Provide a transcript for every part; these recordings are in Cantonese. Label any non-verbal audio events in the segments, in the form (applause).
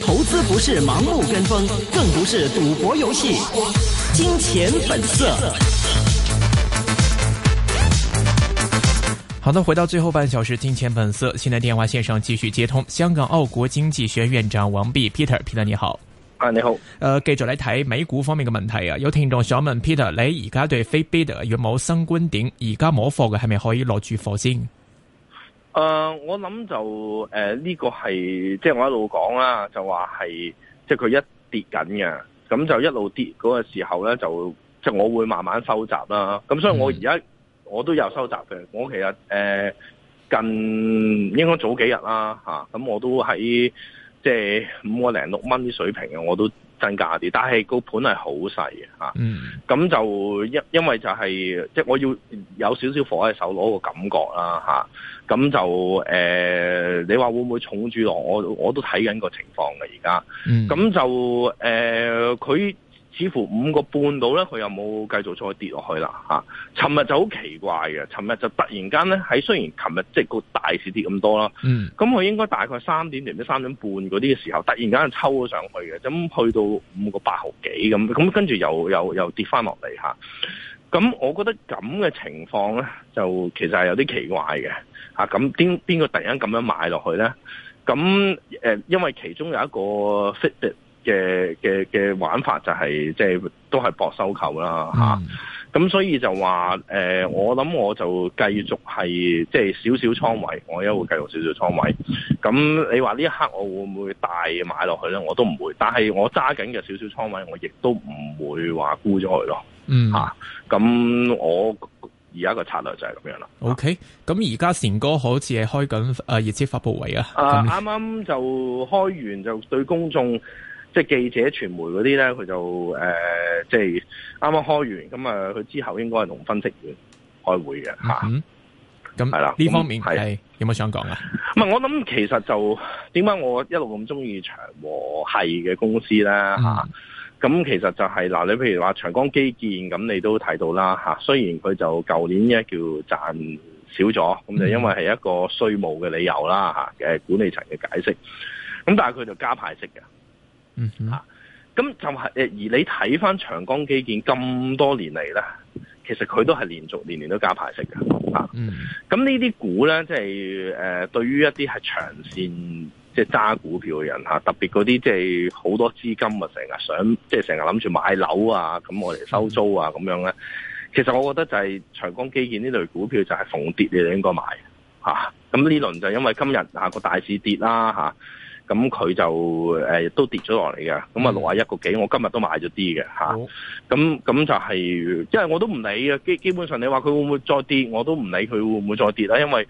投資不是盲目跟風，更不是賭博遊戲。金錢本色。好的，回到最後半小時，《金錢本色》。現在電話線上繼續接通香港奧國經濟學院長王弼 Peter，Peter 你好。啊，你好。呃，繼續嚟睇美股方面嘅問題啊，有聽眾想問 Peter，你而家對非 Peter 有冇新觀點？而家冇貨嘅係咪可以落住貨先？誒、呃，我諗就誒，呢、呃這個係即係我一路講啦，就話係即係佢一跌緊嘅，咁就一路跌嗰個時候咧，就即係我會慢慢收集啦。咁所以我而家我都有收集嘅，我其實誒、呃、近應該早幾日啦嚇，咁、啊、我都喺即係五個零六蚊啲水平嘅我都。增加啲，但係個盤係好細嘅嚇，咁、嗯啊、就因因為就係即係我要有少少火喺手攞個感覺啦嚇，咁、啊、就誒、呃、你話會唔會重注落我我，我都睇緊個情況嘅而家，咁就誒佢。呃似乎五個半到咧，佢又冇繼續再跌落去啦嚇。啊、尋日就好奇怪嘅，尋日就突然間咧喺雖然琴日即係個大市跌咁多啦，咁佢、mm. 應該大概三點零到三點半嗰啲嘅時候，突然間就抽咗上去嘅，咁去到五個八毫幾咁，咁跟住又又又跌翻落嚟嚇。咁、啊、我覺得咁嘅情況咧，就其實係有啲奇怪嘅嚇。咁邊個突然間咁樣買落去咧？咁、呃、因為其中有一個 fit。嘅嘅嘅玩法就係、是、即係都係搏收購啦咁、嗯啊、所以就話、呃、我諗我就繼續係即係少少倉位，我而家會繼續少少倉位。咁你話呢一刻我會唔會大買落去咧？我都唔會。但係我揸緊嘅少少倉位，我亦都唔會話沽咗佢咯。咁我而家個策略就係咁樣啦。OK，咁而家善哥好似係開緊誒熱帖發布會啊？啊那，啱啱就開完就對公眾。即係記者傳、傳媒嗰啲咧，佢就誒，即係啱啱開完，咁啊，佢之後應該係同分析員開會嘅。咁係啦，呢、嗯嗯、的方面係的有冇想講啊？唔係，我諗其實就點解我一路咁中意長和係嘅公司咧咁、嗯、其實就係、是、嗱，你譬如話長江基建，咁你都睇到啦。雖然佢就舊年一叫賺少咗，咁就、嗯、因為係一個稅務嘅理由啦嘅管理層嘅解釋。咁但係佢就加派息嘅。嗯吓，咁、嗯啊、就係誒，而你睇翻長江基建咁多年嚟咧，其實佢都係連續年年都加派息嘅吓。嗯、啊，咁呢啲股咧，即係誒，對於一啲係長線即係揸股票嘅人吓、啊，特別嗰啲即係好多資金、就是、啊，成日想即係成日諗住買樓啊，咁我嚟收租啊，咁樣咧，嗯、其實我覺得就係長江基建呢類股票就係逢跌你哋應該買吓。咁呢輪就因為今日下個大市跌啦吓。啊咁佢就誒、呃、都跌咗落嚟嘅，咁啊六啊一個幾，我今日都買咗啲嘅嚇。咁、啊、咁、嗯、就係、是，因為我都唔理嘅，基基本上你話佢會唔會再跌，我都唔理佢會唔會，會再跌啦。因為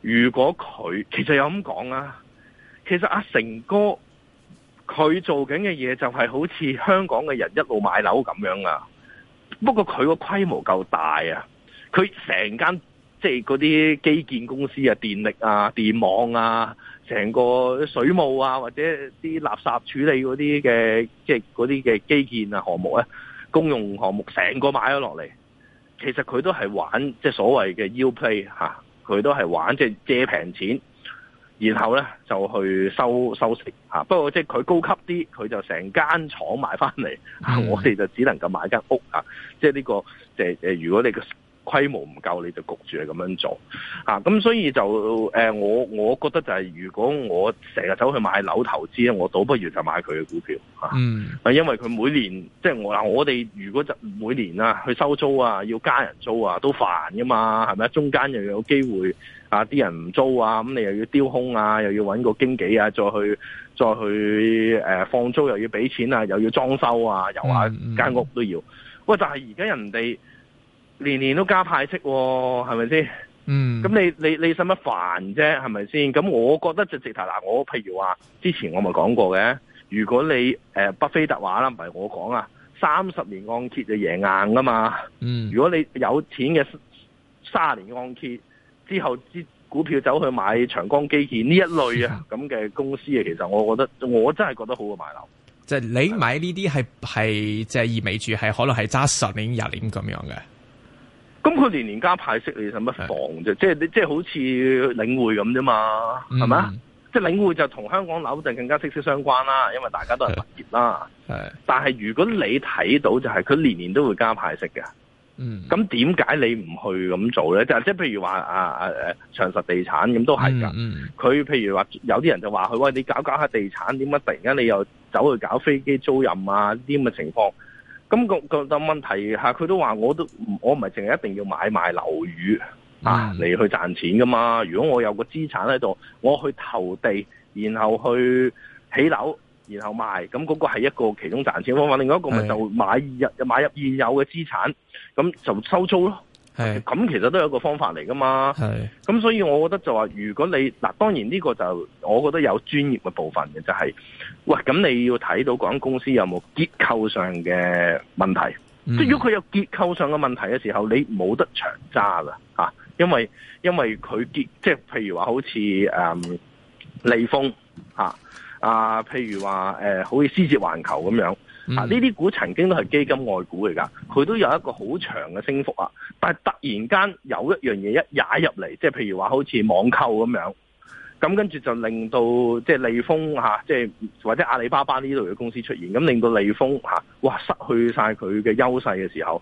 如果佢其實有咁講啊，其實阿成哥佢做緊嘅嘢就係好似香港嘅人一路買樓咁樣啊。不過佢個規模夠大啊，佢成間即係嗰啲基建公司啊、電力啊、電網啊。成個水務啊，或者啲垃圾處理嗰啲嘅，即係嗰啲嘅基建啊項目咧、啊，公用項目成個買咗落嚟，其實佢都係玩，即係所謂嘅 U play 佢、啊、都係玩，即係借平錢，然後咧就去收收息嚇。不過即係佢高級啲，佢就成間廠買翻嚟、啊，我哋就只能夠買間屋、啊、即係、即、呢個誒誒，如果你個規模唔夠你就焗住係咁樣做嚇，咁、啊、所以就誒、呃、我我覺得就係如果我成日走去買樓投資咧，我倒不如就買佢嘅股票嚇，啊、嗯、因為佢每年即係、就是、我嗱我哋如果就每年啊去收租啊要加人租啊都煩噶嘛，係咪啊？中間又有機會啊啲人唔租啊，咁、嗯、你又要丟空啊，又要搵個經紀啊再去再去誒、呃、放租又要俾錢啊，又要裝修啊，又話間屋都要，喂！但係而家人哋。年年都加派息喎、哦，係咪先？嗯，咁你你你使乜煩啫？係咪先？咁我覺得就直頭嗱，我譬如話之前我咪講過嘅，如果你誒、呃、畢菲特話啦，唔係我講啊，三十年按揭就贏硬噶嘛。嗯，如果你有錢嘅三十年按揭之後，支股票走去買長江基建呢一類啊咁嘅公司啊，的其實我覺得我真係覺得好過買樓。即係你買呢啲係係即係意味住係可能係揸十年廿年咁樣嘅。咁佢年年加派息，你使乜防啫的？即係你、嗯、即係好似領匯咁啫嘛，係咪啊？即係領匯就同香港樓就更加息息相關啦，因為大家都係物業啦。係的，但係如果你睇到就係佢年年都會加派息嘅，咁點解你唔去咁做咧？就即、是、係譬如話啊誒、啊、長實地產咁都係噶，佢、嗯嗯、譬如話有啲人就話佢喂，你搞搞下地產，點解突然間你又走去搞飛機租賃啊呢啲咁嘅情況？咁個個問題，佢都話我都我唔係淨係一定要買賣樓宇啊，嚟去賺錢噶嘛。如果我有個資產喺度，我去投地，然後去起樓，然後賣，咁嗰個係一個其中賺錢方法。另外一個咪就買入的買入現有嘅資產，咁就收租咯。咁是其實都有個個方法嚟噶嘛，咁是、嗯、所以我覺得就話，如果你嗱當然呢個就我覺得有專業嘅部分嘅，就係、是，喂咁你要睇到間公司有冇結構上嘅問題，即係如果佢有結構上嘅問題嘅、嗯、時候，你冇得長揸噶、啊、因為因為佢結即係譬如話好似誒、嗯、利豐啊，啊譬如話、呃、好似思捷環球咁樣。呢啲、嗯啊、股曾經都係基金外股嚟噶，佢都有一個好長嘅升幅啊！但係突然間有一樣嘢一踩入嚟，即係譬如話好似網購咁樣，咁跟住就令到即係利豐嚇，即係、啊、或者阿里巴巴呢度嘅公司出現，咁令到利豐嚇、啊，哇失去晒佢嘅優勢嘅時候，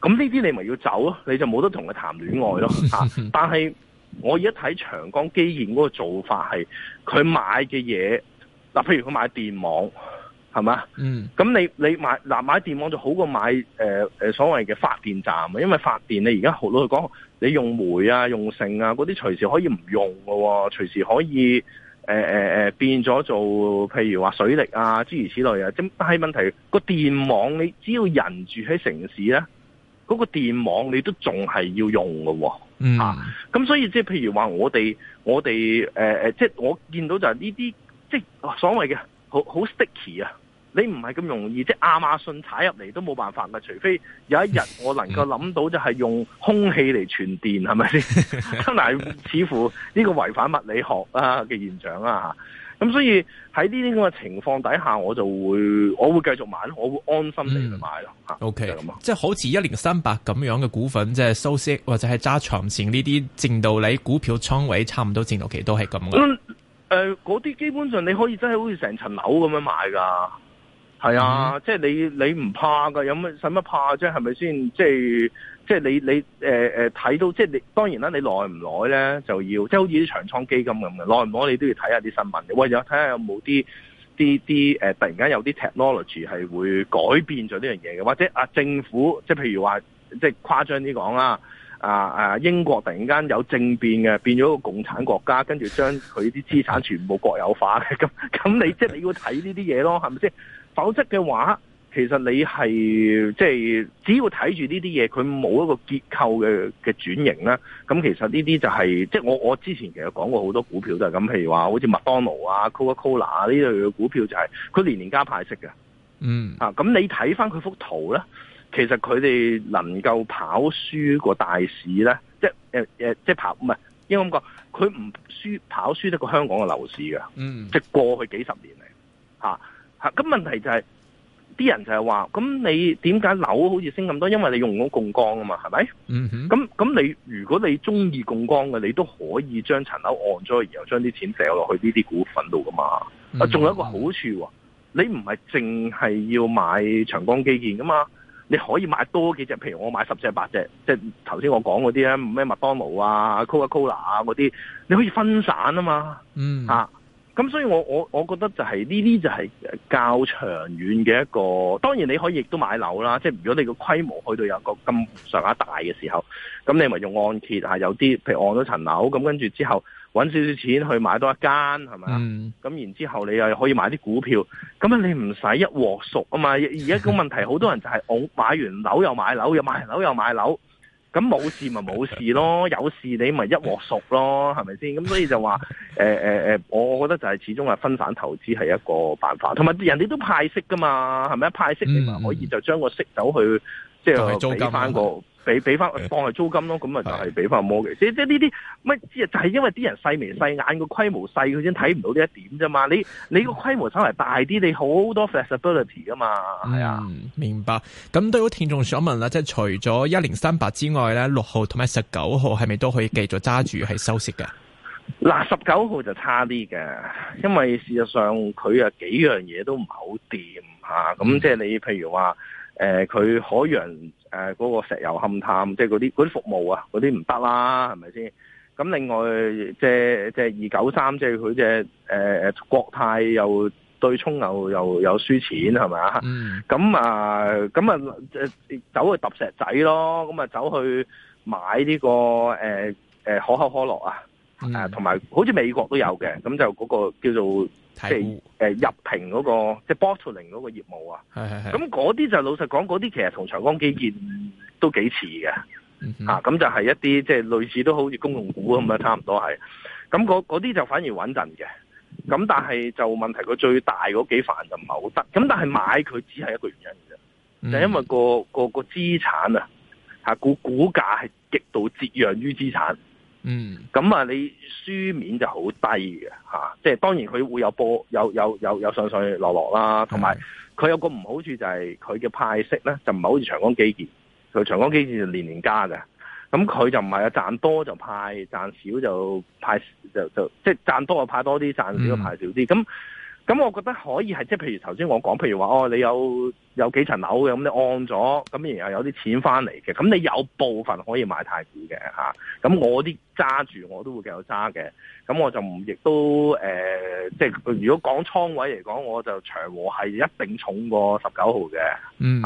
咁呢啲你咪要走咯，你就冇得同佢談戀愛咯嚇。啊、 (laughs) 但係我而家睇長江基建嗰個做法係，佢買嘅嘢，嗱、啊、譬如佢買電網。係嘛？是嗯，咁你你買嗱買電網就好過買誒誒、呃、所謂嘅發電站啊，因為發電，你而家好老實講，你用煤啊用剩啊嗰啲隨時可以唔用噶、哦，隨時可以誒誒誒變咗做譬如話水力啊諸如此類啊。即但係問題，那個電網你只要人住喺城市咧，嗰、那個電網你都仲係要用噶、哦。嗯、咁、啊、所以即係譬如話我哋我哋誒誒，即係我見到就係呢啲即係所謂嘅好好 sticky 啊。你唔係咁容易，即係亞馬遜踩入嚟都冇辦法，咪除非有一日我能夠諗到就係用空氣嚟傳電，係咪先？咁 (laughs) 係似乎呢個違反物理學啊嘅現象啊，咁所以喺呢啲咁嘅情況底下，我就會我會繼續買，我會安心地去買咯。吓，OK，即係好似一零三八咁樣嘅股份，即係收息或者係揸長線呢啲正道理股票，倉位差唔多，正到期都係咁嘅。誒，嗰啲基本上你可以真係好似成層樓咁樣買㗎。係啊，即係你你唔怕噶，有乜使乜怕啫？係咪先？即係即係你你誒誒睇到，即係你當然啦。你耐唔耐咧就要，即係好似啲長倉基金咁嘅，耐唔耐你都要睇下啲新聞。喂，看看有睇下有冇啲啲啲誒，突然間有啲 technology 係會改變咗呢樣嘢嘅，或者啊政府，即係譬如話，即係誇張啲講啦，啊啊英國突然間有政變嘅，變咗個共產國家，跟住將佢啲資產全部國有化嘅，咁咁你即係你要睇呢啲嘢咯，係咪先？否則嘅話，其實你係即係只要睇住呢啲嘢，佢冇一個結構嘅嘅轉型咧。咁其實呢啲就係、是、即係我我之前其實講過好多股票就係咁，譬如話好似麥當勞啊、Coca Cola 啊呢類嘅股票就係佢年年加派息嘅。嗯、啊，嚇咁你睇翻佢幅圖咧，其實佢哋能夠跑輸過大市咧，即係誒誒，即係跑唔係應該咁講，佢唔輸跑輸得過香港嘅樓市嘅。嗯，即係過去幾十年嚟嚇。啊。咁問題就係、是、啲人就係話，咁你點解樓好似升咁多？因為你用咗槓桿啊嘛，係咪？嗯咁哼咁你如果你中意槓桿嘅，你都可以將層樓按咗，然後將啲錢掉落去呢啲股份度噶嘛。啊、嗯哼，仲有一個好處喎，你唔係淨係要買長江基建噶嘛，你可以買多幾隻，譬如我買十隻、八隻，即係頭先我講嗰啲咧，咩麥當勞啊、Coca-Cola 啊嗰啲，你可以分散啊嘛。嗯哼。啊咁所以我，我我我覺得就係呢啲就係較長遠嘅一個。當然你可以亦都買樓啦，即係如果你個規模去到有一個咁上下大嘅時候，咁你咪用按揭、啊、有啲，譬如按咗層樓，咁跟住之後揾少少錢去買多一間，係咪啊？咁、嗯、然之後你又可以買啲股票，咁你唔使一鑊熟啊嘛。而家個問題好多人就係我買完樓又買樓，又買樓又買樓。咁冇 (laughs) 事咪冇事咯，有事你咪一鑊熟咯，係咪先？咁所以就話誒誒我覺得就係始終係分散投資係一個辦法，同埋人哋都派息噶嘛，係咪派息，你咪可以就將個息走去，即係俾翻個。嗯嗯嗯俾俾翻當係租金咯，咁啊就係俾翻摩嘅。即即呢啲乜即就係、是、因為啲人細眉細眼個規模細，佢先睇唔到呢一點啫嘛。你你個規模稍微大啲，你好多 flexibility 噶嘛。係啊，明白。咁對我，聽眾想問啦，即係除咗一零三八之外咧，六號同埋十九號係咪都可以繼續揸住係收息嘅？嗱、啊，十九號就差啲嘅，因為事實上佢啊幾樣嘢都唔係好掂吓，咁、嗯啊、即係你譬如話，誒佢海洋。誒嗰個石油勘探，即係嗰啲啲服務啊，嗰啲唔得啦，係咪先？咁另外，即係即係二九三，即係佢隻誒國泰又對沖又又有輸錢係咪、mm. 啊？咁啊，咁啊，走去揼石仔咯，咁啊走去買呢個誒誒可口可樂啊！誒，同埋、嗯啊、好似美國都有嘅，咁就嗰個叫做即係誒入瓶嗰、那個即係、就是、bottling 嗰個業務啊，咁嗰啲就是、老實講，嗰啲其實同長江基建都幾似嘅，嗯、哼啊，咁就係一啲即係類似都好似公共股咁樣，差唔多係，咁嗰啲就反而穩陣嘅，咁但係就問題佢最大嗰幾份就唔係好得，咁但係買佢只係一個原因嘅，就是、因為、那個、嗯那個、那個資產啊，吓、啊、股股價係極度折讓於資產。嗯，咁啊，你書面就好低嘅、吓、即係當然佢會有波，有有有有上上落落啦，同埋佢有，有個唔好處就係佢嘅派息咧，就唔係好似長江基建，佢長江基建年年加嘅，咁佢就唔係啊，賺多就派，賺少就派，就就即係賺多就派多啲，賺少就派少啲咁。嗯咁我覺得可以係即係，譬如頭先我講，譬如話哦，你有有幾層樓嘅，咁你按咗，咁然後有啲錢翻嚟嘅，咁你有部分可以買太股嘅嚇。咁、啊、我啲揸住我都會繼續揸嘅。咁我就唔亦都誒、呃，即係如果講倉位嚟講，我就長和係一定重過十九號嘅，啊、嗯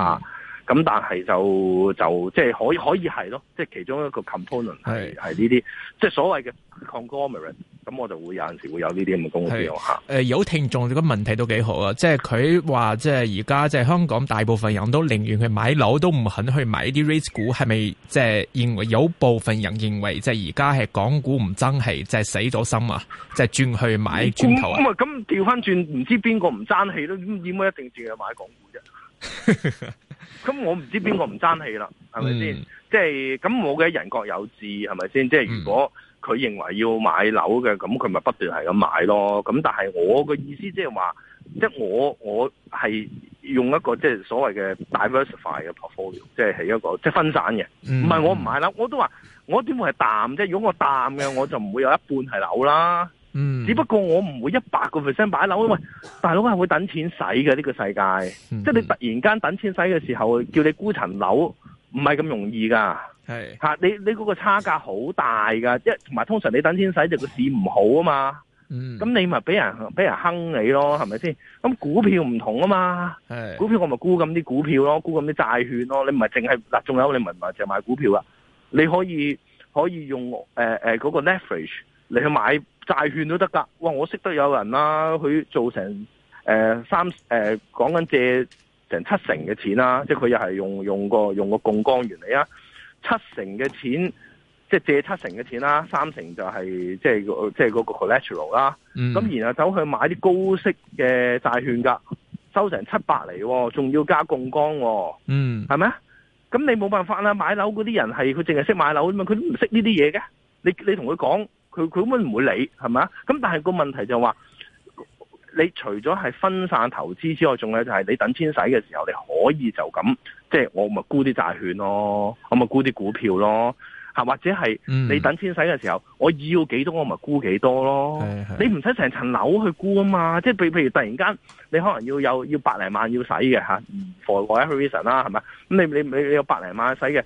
咁但係就就即係可可以係咯，即係其中一個 component 係係呢啲，即係所謂嘅 conglomerate、嗯。咁我就會有陣時會有呢啲咁嘅公司用下。誒，有聽眾嘅問題都幾好啊！即係佢話即係而家即係香港大部分人都寧願去買樓，都唔肯去買啲 race 股。係咪即係認為有部分人認為即係而家係港股唔爭氣，即係死咗心啊，即係轉去買磚頭啊？咁係咁調翻轉，唔、嗯嗯嗯嗯、知邊個唔爭氣都，點解一定轉去買港股啫？ (laughs) 咁、嗯嗯嗯、我唔知邊個唔爭氣啦，係咪先？即係咁，我嘅人各有志，係咪先？即係如果佢認為要買樓嘅，咁佢咪不斷係咁買咯。咁但係我嘅意思即係話，即係我我係用一個即係所謂嘅 diversify 嘅 portfolio，即係係一個即係分散嘅。唔係我唔買樓，我都話我點會係淡啫？如果我淡嘅，我就唔會有一半係樓啦。嗯，只不過我唔會一百個 percent 擺樓，喂，大佬係會等錢使嘅呢個世界，嗯、即係你突然間等錢使嘅時候，叫你沽層樓唔係咁容易噶，係吓是、啊、你你嗰個差價好大噶，同埋通常你等錢使就個市唔好啊嘛，咁、嗯、你咪俾人俾人坑你咯，係咪先？咁股票唔同啊嘛，是股票我咪沽咁啲股票咯，沽咁啲債券咯，你唔係淨係嗱，仲有你唔係淨係買股票啦，你可以可以用誒誒嗰個 leverage 你去買。債券都得㗎，哇！我識得有人啦，佢做成誒、呃、三誒講緊借成七成嘅錢啦，即係佢又係用用個用個槓桿原理啊，七成嘅錢即係借七成嘅錢啦，三成就係、是、即係即係嗰個 collateral 啦，咁、mm. 然後走去買啲高息嘅債券㗎，收成七百嚟，仲要加槓桿，嗯、mm.，係咪啊？咁你冇辦法啦，買樓嗰啲人係佢淨係識買樓啫嘛，佢唔識呢啲嘢嘅，你你同佢講。佢佢根本唔會理係咪？咁但係個問題就話，你除咗係分散投資之外，仲有就係你等錢使嘅時候，你可以就咁，即係我咪沽啲債券咯，我咪沽啲股票咯，嚇或者係你等錢使嘅時候，嗯、我要幾多我咪沽幾多咯。是是你唔使成層樓去沽啊嘛，即係譬譬如突然間你可能要有要百零萬要使嘅嚇，for whatever reason 啦，係咪？咁你你你你有百零萬使嘅。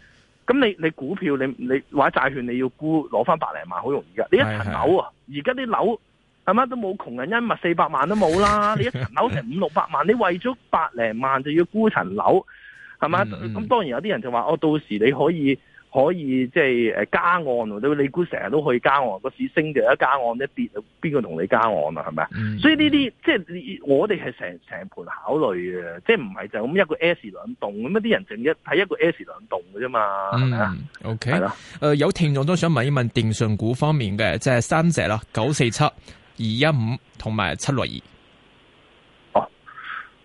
咁你你股票你你，你或者債券你要沽攞翻百零萬好容易噶，你一層樓啊，而家啲樓係嘛，都冇窮人恩物，四百萬都冇啦， (laughs) 你一層樓成五六百萬，你為咗百零萬就要沽層樓，係嘛？咁、嗯嗯、當然有啲人就話，我、哦、到時你可以。可以即係誒，加按，都你估成日都可以加按？個市升就一加按，一跌邊個同你加按啊？係咪啊？嗯、所以呢啲即係我哋係成成盤考慮嘅，即係唔係就咁一個 S 兩動咁，啲人淨一睇一個 S 兩動嘅啫嘛，係 OK 係啦。誒，有聽眾都想問一問電信股方面嘅，即係三隻啦，九四七、二一五同埋七六二。哦，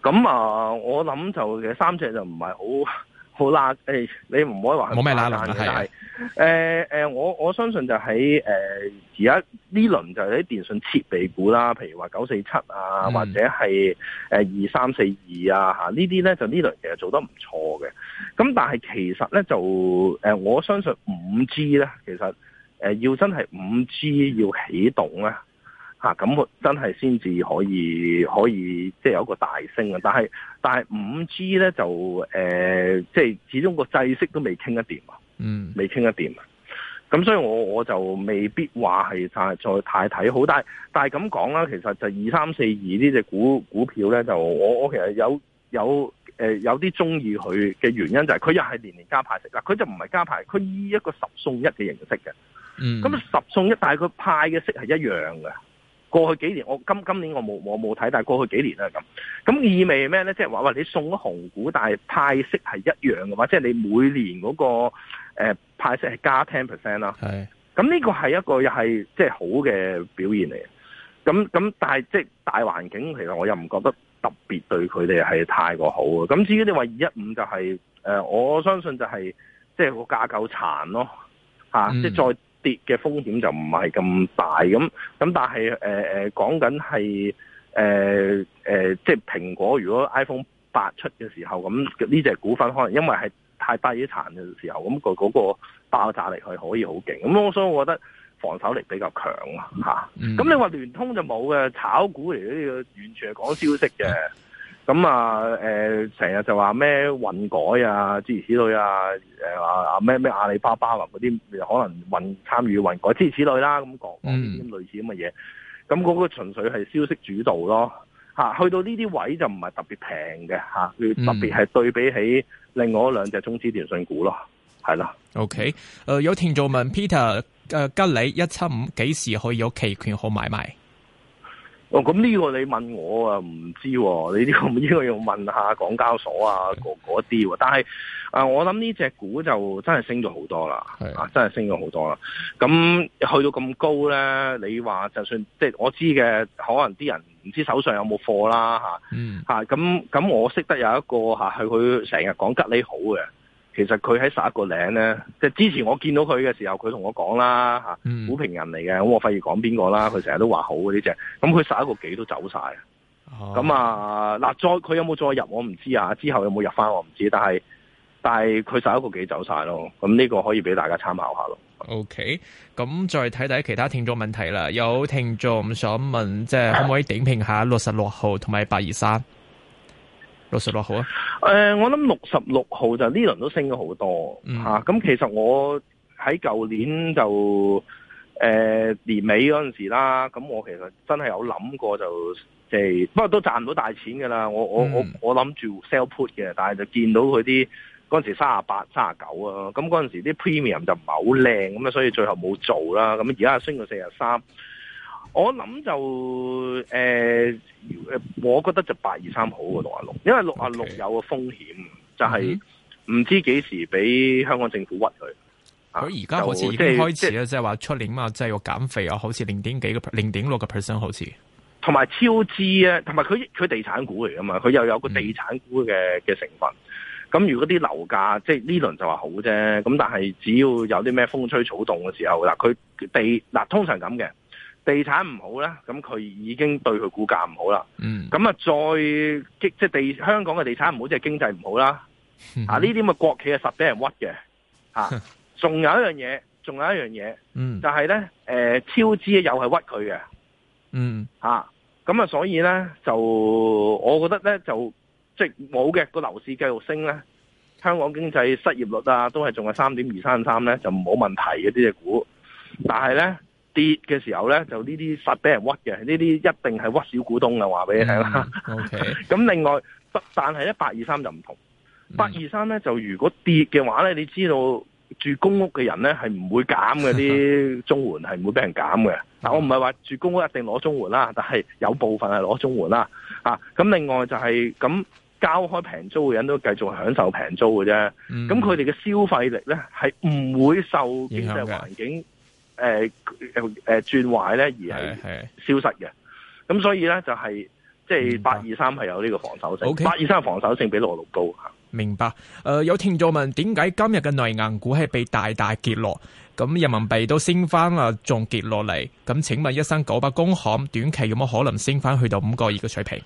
咁啊，我諗就其實三隻就唔係好。好啦，誒、哎，你唔可以話冇咩啦啦嘅係，我我相信就喺誒而家呢輪就係啲電信設備股啦，譬如話九四七啊，嗯、或者係誒二三四二啊，呢啲咧就呢輪其實做得唔錯嘅，咁但係其實咧就、呃、我相信五 G 咧，其實、呃、要真係五 G 要起動咧。吓，咁我真係先至可以可以，即係、就是、有個個大升嘅。但係但係五 G 呢，就誒即係始終個制式都未傾得掂啊，嗯，未傾得掂，咁所以我我就未必話係太再太睇好，但係但係咁講啦，其實就二三四二呢隻股股票呢，就我我其實有有誒、呃、有啲中意佢嘅原因就係佢又係年年加派息，啦佢就唔係加派，佢以一個十送一嘅形式嘅，咁、嗯、十送一，但係佢派嘅息係一樣嘅。過去幾年我今今年我冇我冇睇，但係過去幾年啊咁，咁意味咩咧？即係話喂，你送咗紅股，但係派息係一樣嘅話，即係你每年嗰個誒派息係加 ten percent 啦。係。咁呢個係一個又係即係好嘅表現嚟。咁咁但係即係大環境其實我又唔覺得特別對佢哋係太過好嘅。咁至於你話二一五就係誒，我相信就係即係個架構殘咯嚇，即係再。嗯跌嘅風險就唔係咁大咁，咁但係誒講緊係誒即係蘋果如果 iPhone 八出嘅時候咁，呢隻股份可能因為係太低殘嘅時候，咁佢嗰個爆炸力係可以好勁。咁所以我覺得防守力比較強啊嚇咁、嗯、你話聯通就冇嘅，炒股嚟呢要完全係講消息嘅。咁啊，誒成日就話咩運改啊，諸如此類啊，啊咩咩、啊、阿里巴巴啊嗰啲，可能運參與運改諸如此類啦、啊，咁講啲類似咁嘅嘢。咁嗰、嗯、個純粹係消息主導咯，去到呢啲位就唔係特別平嘅、啊、特別係對比起另外兩隻中資電信股咯，係啦。OK，誒、呃、有聽眾問 Peter 誒、呃、吉利一七五幾時可以有期權可買賣？哦，咁呢個你問我啊，唔知喎、哦。你呢個呢個要問下港交所啊，嗰啲喎。但係啊、呃，我諗呢隻股就真係升咗好多啦，係是的 啊，真係升咗好多啦。咁、嗯、去到咁高咧，你話就算即係我知嘅，可能啲人唔知手上有冇貨啦，吓、啊，吓、啊，咁咁我識得有一個吓，係佢成日講吉利好嘅。其實佢喺十一個零咧，即係之前我見到佢嘅時候，佢同我講啦嚇，股、嗯、平人嚟嘅，咁我費事講邊個啦，佢成日都話好嗰啲隻，咁佢十一個幾都走晒。咁啊嗱，再佢有冇再入我唔知啊，之後有冇入翻我唔知，但係但係佢十一個幾走晒咯，咁呢個可以俾大家參考下咯。OK，咁再睇睇其他聽眾問題啦，有聽眾想問，即係可唔可以點評下六十六號同埋八二三？六十六號,、呃號嗯、啊？我諗六十六號就呢輪都升咗好多吓咁其實我喺舊年就誒、呃、年尾嗰陣時啦，咁我其實真係有諗過就即係，不過都賺唔到大錢㗎啦。我、嗯、我我我諗住 sell put 嘅，但係就見到佢啲嗰陣時三十八、三十九啊。咁嗰陣時啲 premium 就唔係好靚咁啊，所以最後冇做啦。咁而家升到四十三。我諗就誒誒、呃，我覺得就八二三好過六啊六，66, 因為六啊六有個風險，Okay. 就係唔知幾時俾香港政府屈佢。佢而家好似已經開始咧，就即係話出年嘛，即係要減肥啊，好似零點幾個零點六個 percent 好似。同埋超支啊，同埋佢佢地產股嚟噶嘛，佢又有個地產股嘅嘅、嗯、成分。咁如果啲樓價即係呢輪就話好啫，咁但係只要有啲咩風吹草動嘅時候嗱，佢地嗱通常咁嘅。地產唔好咧，咁佢已經對佢股價唔好啦。咁啊、嗯，再即係地香港嘅地產唔好，即係經濟唔好啦。啊，呢啲咁嘅國企嘅實俾人屈嘅。吓、啊，仲有一樣嘢，仲有一樣嘢，就係咧，誒，超支又係屈佢嘅。嗯，吓，咁啊，所以咧，就我覺得咧，就即係冇嘅個樓市繼續升咧，香港經濟失業率啊，都係仲係三點二三三咧，就冇問題嘅啲隻股，但係咧。跌嘅時候咧，就呢啲實俾人屈嘅，呢啲一定係屈小股東嘅，話俾你聽啦。咁、嗯 okay、 (laughs) 另外，但係咧八二三就唔同。八二三咧就如果跌嘅話咧，你知道住公屋嘅人咧係唔會減嘅啲 (laughs) 中援係唔會俾人減嘅。嗱、嗯，我唔係話住公屋一定攞中援啦，但係有部分係攞中援啦。啊，咁另外就係，是，咁交開平租嘅人都繼續享受平租嘅啫。咁佢哋嘅消費力咧係唔會受經濟環境，誒誒誒轉壞咧，而係消失嘅，咁所以咧就係即係八二三係有呢個防守性，八二三嘅防守性比六六高。明白。誒、呃、有聽眾問點解今日嘅內銀股係被大大跌落，咁人民幣都升翻啊，仲跌落嚟，咁請問一三九八工行短期有冇可能升翻去到五個二嘅水平？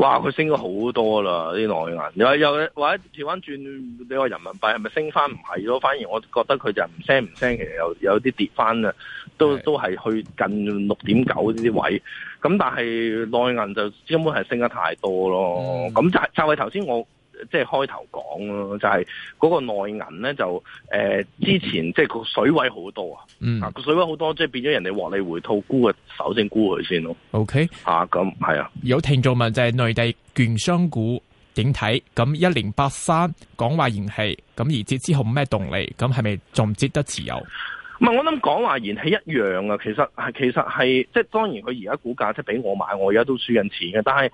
哇！佢升咗好多啦，啲內銀又又話調翻轉，你話人民幣係咪升翻？唔係咯，反而我覺得佢就唔升唔升，其實有有啲跌翻啦，都都係去近六點九呢啲位。咁但係內銀就根本係升得太多咯。咁、嗯、就就係頭先我。即係開頭講咯，就係、是、嗰個內銀咧就誒、呃、之前即係個水位好多啊，啊個、嗯、水位好多，即係變咗人哋獲利回吐沽嘅首先沽佢先咯。O Okay , K 啊，咁係啊。有聽眾問就係、是、內地券商股點睇？咁一零八三講話港華燃氣咁而至之後咩動力？咁係咪仲唔值得持有？唔係我諗講話港華燃氣一樣啊，其實係其實係即係當然佢而家股價即係俾我買，我而家都輸緊錢嘅，但係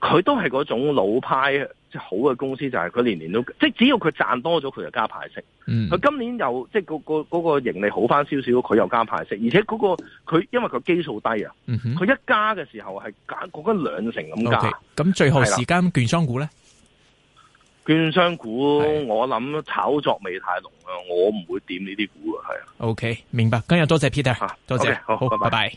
佢都係嗰種老派。好嘅公司就係佢年年都，即係只要佢賺多咗，佢就加派息。佢、嗯、今年又即係個個嗰個盈利好翻少少，佢又加派息。而且嗰、那個佢因為個基數低啊，佢、嗯、哼一加嘅時候係加嗰嗰兩成咁加。咁、那個 okay, 最後時間的券商股咧？券商股的我諗炒作未太濃啊，我唔會點呢啲股啊，係啊。O、okay, K，明白。今日多謝，謝 Peter，、啊、多謝，okay, 好，拜拜。